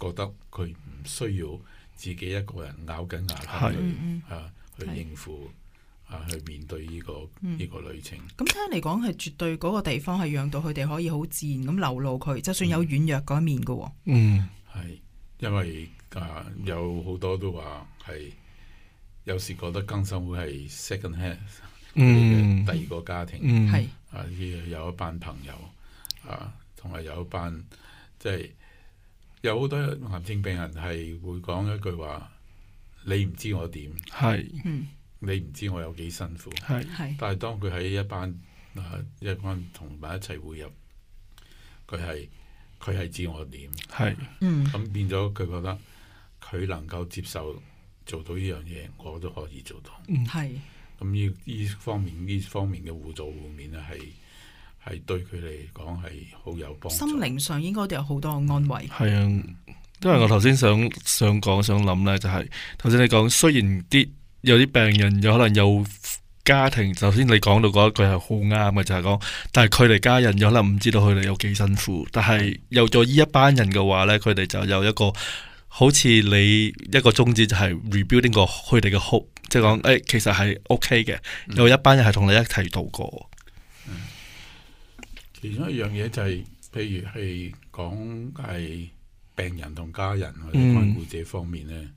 Speaker 3: 覺得佢唔需要。自己一個人咬緊牙頭去是啊，去應付是啊，去面對呢、這個呢、嗯、個旅程。
Speaker 1: 咁聽嚟講係絕對嗰個地方係讓到佢哋可以好自然咁流露佢，就算有軟弱嗰一面嘅喎。嗯，
Speaker 3: 係、嗯嗯，因為啊，嗯、有好多都話係，有時覺得更生會係 second hand，嗯，第二個家庭，嗯，係、嗯、啊，有一班朋友啊，同埋有，有一班即係。有好多癌症病人係會講一句話，你唔知我點，係是，是你唔知我有幾辛苦，係是，是但係當佢喺一班嗱一班同埋一齊匯入，佢係佢係知我點，係，咁變咗佢覺得佢能夠接受做到呢樣嘢，我都可以做到，係是。咁呢呢方面呢方面嘅互助互勉啊，係。係對佢哋講係好有幫助，心
Speaker 1: 靈上應該都有好多嘅安慰。係啊，因為
Speaker 2: 我頭先想，、嗯、想，想想講想諗呢就係頭先你講，雖然啲有啲病人有可能有家庭，頭先你講到嗰一句係好啱嘅，就係、是、講，但係佢哋家人有可能唔知道佢哋有幾辛苦。但係有咗呢一班人嘅話呢，佢哋就有一個好似你一個宗旨，就係 rebuilding 個佢哋嘅 hope，即係講誒，其實係 OK 嘅，有一班人係同你一齊度過。嗯嗯
Speaker 3: 其中一樣嘢就係、是，譬如係講係病人同家人或者關顧者方面咧，嗯、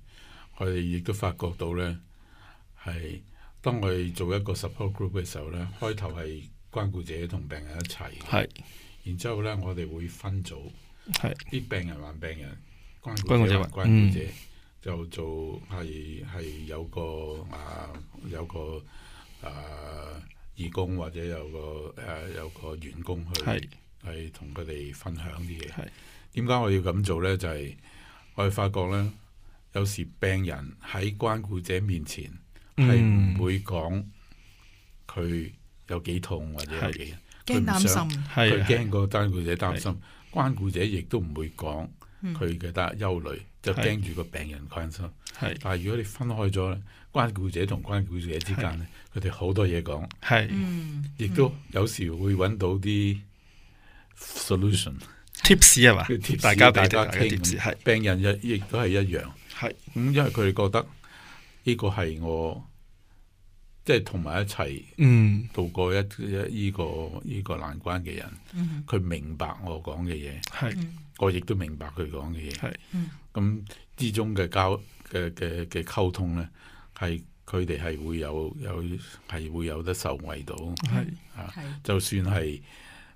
Speaker 3: 我哋亦都發覺到咧，係當我哋做一個 support group 嘅時候咧，開頭係關顧者同病人一齊，係是，然之後咧我哋會分組，係啲是病人還病人，關顧者還關,關顧者，嗯、就做係係有個啊有個啊。義工或者有個誒、呃、有個員工去係同佢哋分享啲嘢。點解我要咁做咧？就係、是、我哋發覺咧，有時病人喺關顧者面前係唔會講佢有幾痛或者有幾驚是擔心，佢驚過關顧者擔心，關顧者亦都唔會講。佢嘅得憂慮，就驚住個病人關心。係，但係如果你分開咗咧，關顧者同關顧者之間咧，佢哋好多嘢講。係，亦都有時會揾到啲 solution、tips 係嘛？大家大家傾，病人亦亦都係一樣。係，咁因為佢哋覺得呢個係我即係同埋一齊，嗯，度過一一呢個呢個難關嘅人。嗯，佢明白我講嘅嘢。係。我亦都明白佢講嘅嘢，咁是、嗯嗯、之中嘅交嘅嘅嘅溝通咧，係佢哋係會有有係會有得受惠到，嚇，就算係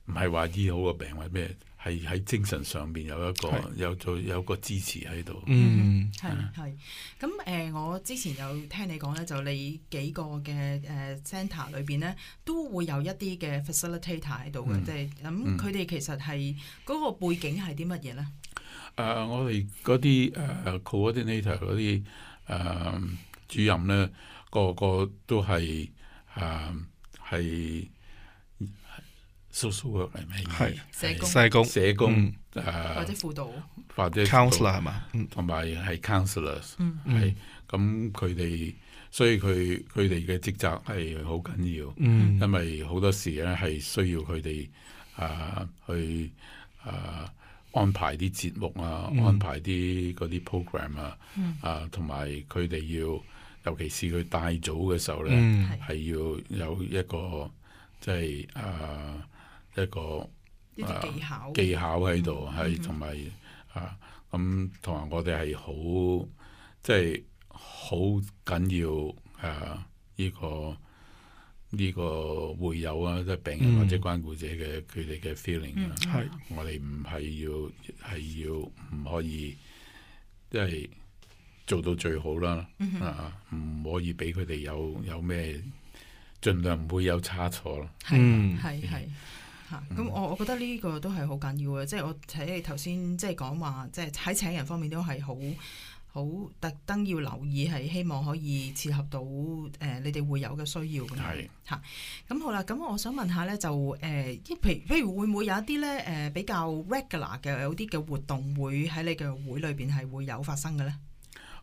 Speaker 3: 唔係話醫好個病或者咩？係喺精神上邊有一個是有做有個支持喺度。嗯，係
Speaker 1: 係。咁誒、呃，我之前有聽你講咧，就你幾個嘅誒、呃、centre 裏邊咧，都會有一啲嘅 facilitator 喺度嘅。即係咁，佢哋、就是、其實係嗰、嗯、個背景係啲乜嘢咧？
Speaker 3: 誒、呃，我哋嗰啲誒 coordinator 嗰啲誒主任咧，個個都係誒係。呃社工嚟咪？係社工，社工或者輔導，或者 counselor 係嘛？同埋係 counselors，嗯，咁佢哋，所以佢佢哋嘅職責係好緊要，因為好多時咧係需要佢哋啊去啊安排啲節目啊，安排啲嗰啲 program 啊，啊，同埋佢哋要，尤其是佢帶組嘅時候咧，係要有一個即係啊。一個技巧技巧喺度，係同埋啊咁，同埋我哋係好即係好緊要啊！呢個呢個會有啊，即係病人或者關顧者嘅佢哋嘅 feeling，係我哋唔係要係要唔可以即係做到最好啦，啊唔可以俾佢哋有有咩，盡量唔會有差錯咯。嗯，係係。
Speaker 1: 咁、嗯啊、我我覺得呢個都係好緊要嘅，即係我睇你頭先即係講話，即係喺請人方面都係好好特登要留意，係希望可以契合到誒、呃、你哋會有嘅需要咁係吓，咁是、啊、好啦。咁我想問下咧，就誒、呃，譬如譬如會唔會有一啲咧誒比較 regular 嘅有啲嘅活動會喺你嘅會裏邊係會有發生嘅咧？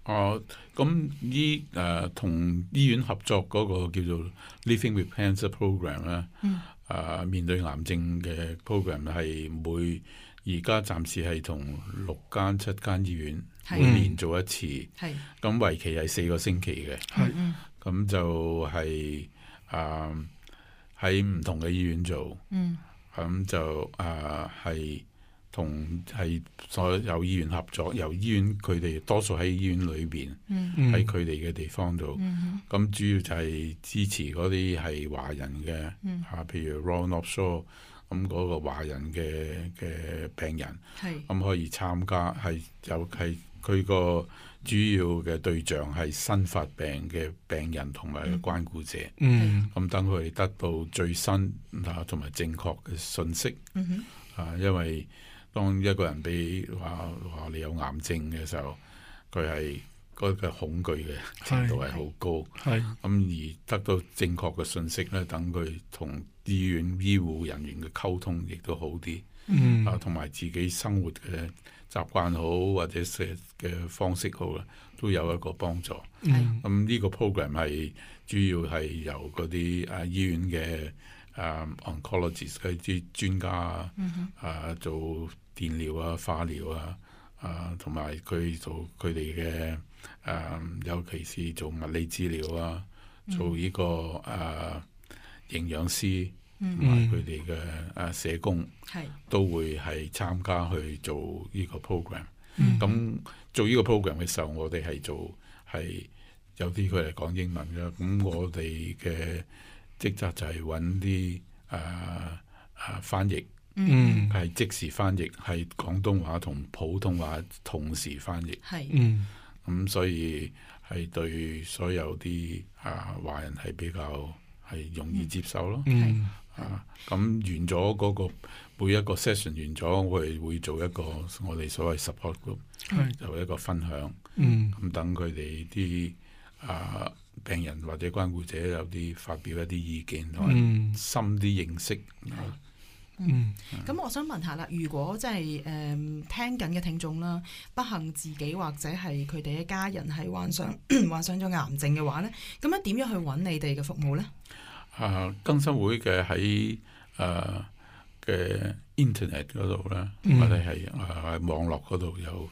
Speaker 3: 哦、呃、咁呢誒同醫院合作嗰個叫做 Living with Cancer Program 咧、嗯。誒、啊、面對癌症嘅 program 係每而家暫時係同六間七間醫院每年做一次，咁為的期係四個星期嘅，咁的就係喺唔同嘅醫院做，咁、嗯嗯、就誒係。啊同係所有醫院合作，由醫院佢哋多數喺醫院裏邊，喺佢哋嘅地方度。咁、mm hmm. 主要就係支持嗰啲係華人嘅，嚇、mm，hmm. 譬如 Royal North Shore 咁、嗯、嗰、嗰個華人嘅嘅病人，咁、mm hmm. 嗯、可以參加。係有係佢個主要嘅對象係新發病嘅病人同埋關顧者。咁等佢哋得到最新啊同埋正確嘅信息。啊，因為當一個人俾話話你有癌症嘅時候，佢係嗰個恐懼嘅程度係好高，係咁是而得到正確嘅信息咧，等佢同醫院醫護人員嘅溝通亦都好啲，嗯、啊，同埋自己生活嘅習慣好或者嘅方式好啦，都有一個幫助。係咁呢個 program 係主要係由嗰啲啊醫院嘅。啊 oncologist 嗰啲專家、mm hmm. 啊，啊做電療啊、化療啊，啊同埋佢做佢哋嘅啊，尤其是做物理治療啊，做呢個、mm hmm. 啊營養師同埋佢哋嘅啊社工，mm hmm. 都會係參加去做呢個 program、mm。咁、hmm. 做呢個 program 嘅時候，我哋係做係有啲佢係講英文嘅，咁我哋嘅。職責就係揾啲誒誒翻譯，嗯，係即時翻譯，係廣東話同普通話同時翻譯，係，嗯，咁所以係對所有啲啊華人係比較係容易接受咯，係、嗯嗯、啊，咁完咗嗰個每一個 session 完咗，我哋會做一個我哋所謂 support group，係，就、嗯、一個分享，嗯，咁等佢哋啲啊。病人或者關顧者有啲發表一啲意見，同埋、嗯、深啲認識。嗯，咁、嗯
Speaker 1: 嗯、我想問下啦，如果即係誒聽緊嘅聽眾啦，不幸自己或者係佢哋嘅家人喺患上、嗯、患上咗癌症嘅話咧，咁樣點樣去揾你哋嘅服務咧？
Speaker 3: 啊，更生會嘅喺誒嘅 internet 嗰度咧，啊嗯、或者係誒、啊、網絡嗰度有。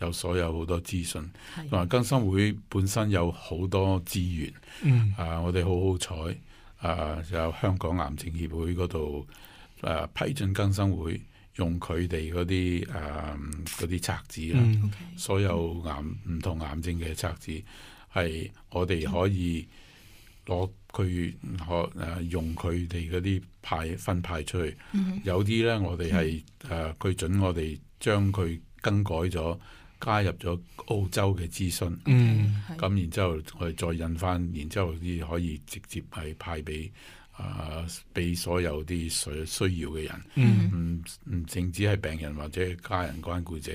Speaker 3: 有所有好多資訊，同埋的更生會本身有好多資源。嗯、啊，我哋好好彩。啊，有香港癌症協會嗰度，啊批准更生會用佢哋嗰啲誒啲冊子啦。嗯、所有癌唔同癌症嘅冊子，係、嗯、我哋可以攞佢可誒用佢哋嗰啲派分派出去。嗯、有啲呢，我哋係誒佢準我哋將佢更改咗。加入咗澳洲嘅諮詢，咁 Okay. 然之後我哋再印返，然之後啲可以直接係派俾啊，俾、呃、所有啲需需要嘅人，唔唔淨止係病人或者家人關顧者，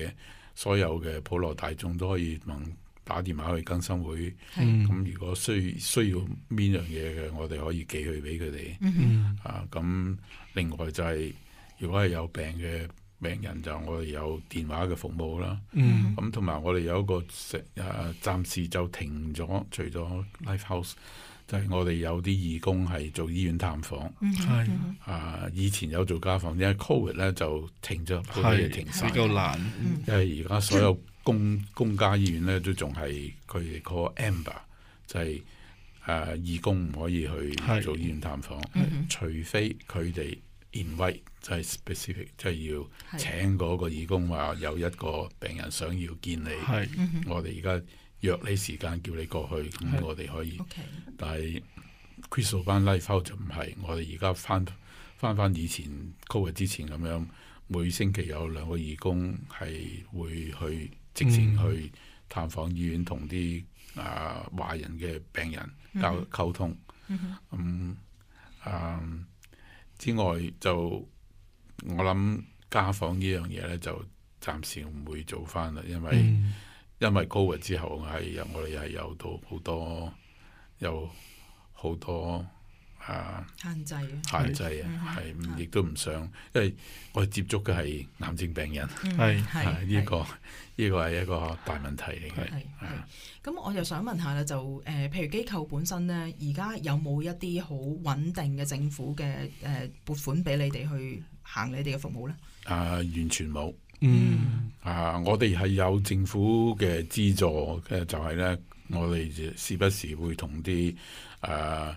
Speaker 3: 所有嘅普羅大眾都可以問打電話去更生會，咁、mm hmm. 如果需要需要邊樣嘢嘅，我哋可以寄去俾佢哋。Mm hmm. 啊，咁另外就係、是、如果係有病嘅。病人就我哋有電話嘅服務啦，咁同埋我哋有一個誒、呃，暫時就停咗，除咗 Life House，就係我哋有啲義工係做醫院探訪，係啊、嗯嗯呃，以前有做家訪，因為 Covid 咧就停咗，都係、嗯、停曬。比較難，了因為而家所有公、嗯、公家醫院咧都仲係佢哋個 Amber 就係、是、誒、呃、義工唔可以去做醫院探訪，嗯嗯、除非佢哋。面威即係 specific，即係要請嗰個義工話有一個病人想要見你，是我哋而家約你時間叫你過去，咁我哋可以。Okay. 但係 crisis 班 live call 就唔係，我哋而家翻翻翻以前 COVID 之前咁樣，每星期有兩個義工係會去直接去探訪醫院，同啲啊華人嘅病人交溝通。咁啊。之外，就我諗家訪呢樣嘢咧，就暫時唔會做翻啦，因為、嗯、因為 COVID 之後，係、哎，我哋又係有到好多，有好多。
Speaker 1: 限制，限制啊，係，亦
Speaker 3: 都唔想，因為我接觸嘅係癌症病人，係，係呢個呢個係一個大問題嚟
Speaker 1: 嘅。係，咁我又想問下啦，就誒，譬如機構本身咧，而家有冇一啲好穩定嘅政府嘅誒撥款俾你哋去行你哋嘅服務咧？
Speaker 3: 啊，完全冇，嗯，啊，我哋係有政府嘅資助嘅，就係咧，我哋時不時會同啲誒。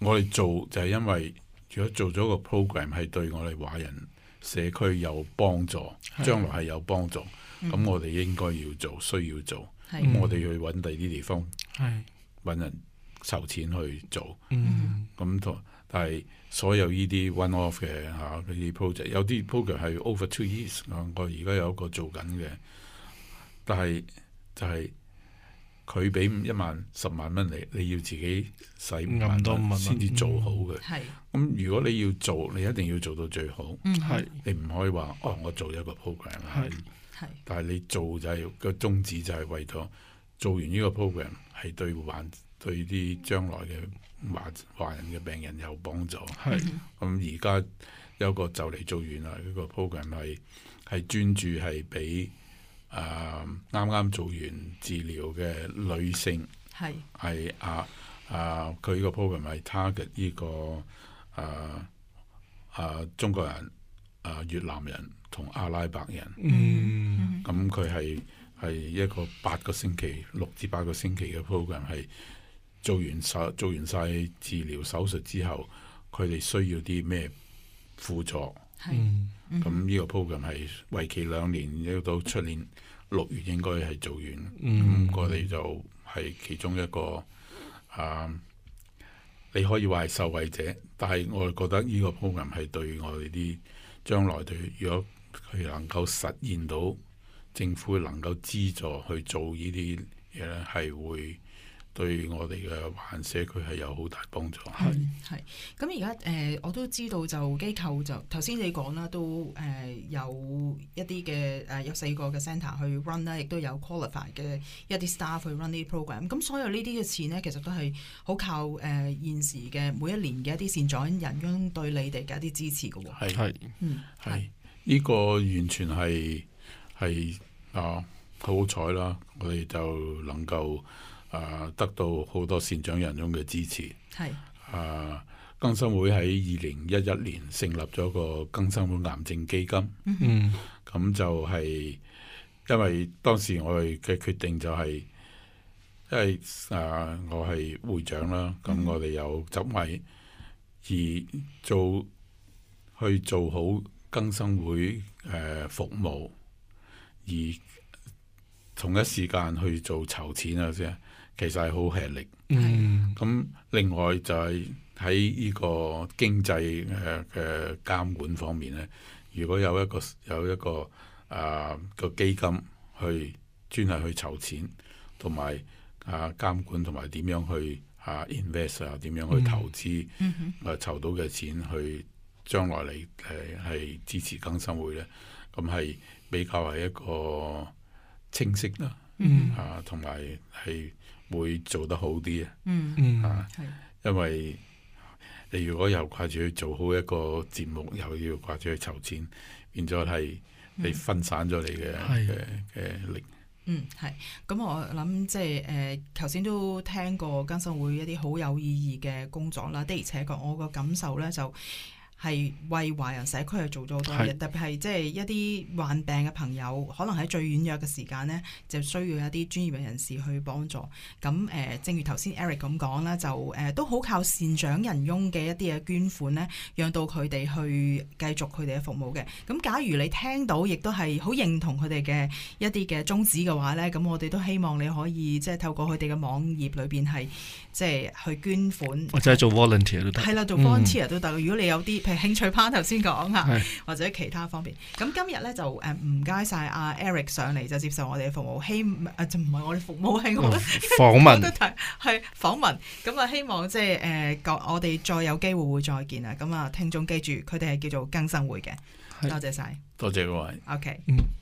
Speaker 3: 我哋做就係、是、因為如果做咗個 program 係對我哋華人社區有幫助，將的來係有幫助，咁、嗯、我哋應該要做，需要做，咁的我哋去揾第啲地方，揾的人籌錢去做，咁同、嗯、但係所有呢啲 one-off 嘅嚇，啲、啊、project 有啲 program 係 over two years，我而家有一個做緊嘅，但係就係、是。佢俾一萬十萬蚊你，你要自己使唔翻，先至做好嘅。係、嗯。咁如果你要做，你一定要做到最好。係、嗯。你唔可以話哦，我做一個 program 係係，係但係你做就係、係、個宗旨就係為咗做完呢個 program 係對患對啲將來嘅華華人嘅病人有幫助。係係。咁而家有個就嚟做完啦，呢、呢個 program 係係專注係俾。啊！啱啱、uh, 做完治療嘅女性係係啊啊！佢、啊、個 program 係 target 呢個啊啊！中國人啊、越南人同阿拉伯人嗯，咁佢係係一個八個星期六至八個星期嘅 program 係做完手做完曬治療手術之後，佢哋需要啲咩輔助？用是？嗯咁呢、嗯、個 program 係為期兩年，到出年六月應該係做完。咁、嗯、我哋就係其中一個啊，uh, 你可以話係受惠者，但係我覺得呢個 program 係對我哋啲將來，對如果佢能夠實現到政府能夠資助去做呢啲嘢咧，係會。對我哋嘅環社區係有好大幫助。係
Speaker 1: 係咁而家誒，我都知道就機構就頭先你講啦，都誒、呃、有一啲嘅誒有四個嘅 centre 去 run 啦，亦都有 qualified 嘅一啲 staff 去 run 啲 program。咁所有呢啲嘅錢咧，其實都係好靠誒、呃、現時嘅每一年嘅一啲善長人將對你哋嘅一啲支持嘅喎。係
Speaker 3: 是嗯係呢、呢個完全係係啊好好彩啦！我哋就能夠。啊！得到好多善長人翁嘅支持，係是啊！更生會喺二零一一年成立咗個更生會癌症基金，mm hmm. 嗯，咁就係因為當時我哋嘅決定就係，因為啊，我係會長啦，咁、嗯嗯、我哋有執委而做去做好更生會誒、呃、服務，而同一時間去做籌錢啊先。其實係好吃力，咁、mm hmm. 另外就係喺呢個經濟誒嘅監管方面咧，如果有一個有一個啊個基金去專係去籌錢，同埋啊監管同埋點樣去啊 invest 啊，點樣去投資，誒籌、mm hmm. 到嘅錢去將來嚟係係支持更生會呢，咁係比較係一個清晰啦，mm hmm. 啊同埋係。會做得好啲、嗯、啊！嗯嗯是，係，因為你如果又掛住去做好一個節目，又要掛住去籌錢，變咗係你分散咗你嘅嘅嘅力。嗯，
Speaker 1: 係。咁我諗即係誒，頭、呃、先都聽過更生會一啲好有意義嘅工作啦。的而且確，我個感受咧就，係為華人社區係做咗好多嘢，是特別係即係一啲患病嘅朋友，可能喺最軟弱嘅時間咧，就需要一啲專業嘅人士去幫助。咁誒、呃，正如頭先 Eric 咁講啦，就誒、呃、都好靠善長人翁嘅一啲嘅捐款咧，讓到佢哋去繼續佢哋嘅服務嘅。咁假如你聽到亦都係好認同佢哋嘅一啲嘅宗旨嘅話咧，咁我哋都希望你可以即係透過佢哋嘅網頁裏邊係即係去捐款，或者係做
Speaker 2: volunteer 都得。係啦，做 volunteer
Speaker 1: 都得。嗯、如果你有啲。嘅興趣派頭先講下，下是或者其他方面。咁今日咧就誒唔該晒阿 Eric 上嚟就接受我哋嘅服務，希誒就唔係我哋服務，係訪問。訪問，係 [LAUGHS] 訪問。咁啊，希望即係誒，我哋再有機會會再見啊！咁啊，聽眾記住，佢哋係叫做更生會嘅。是多謝晒，
Speaker 3: 多謝各位。
Speaker 1: OK，、嗯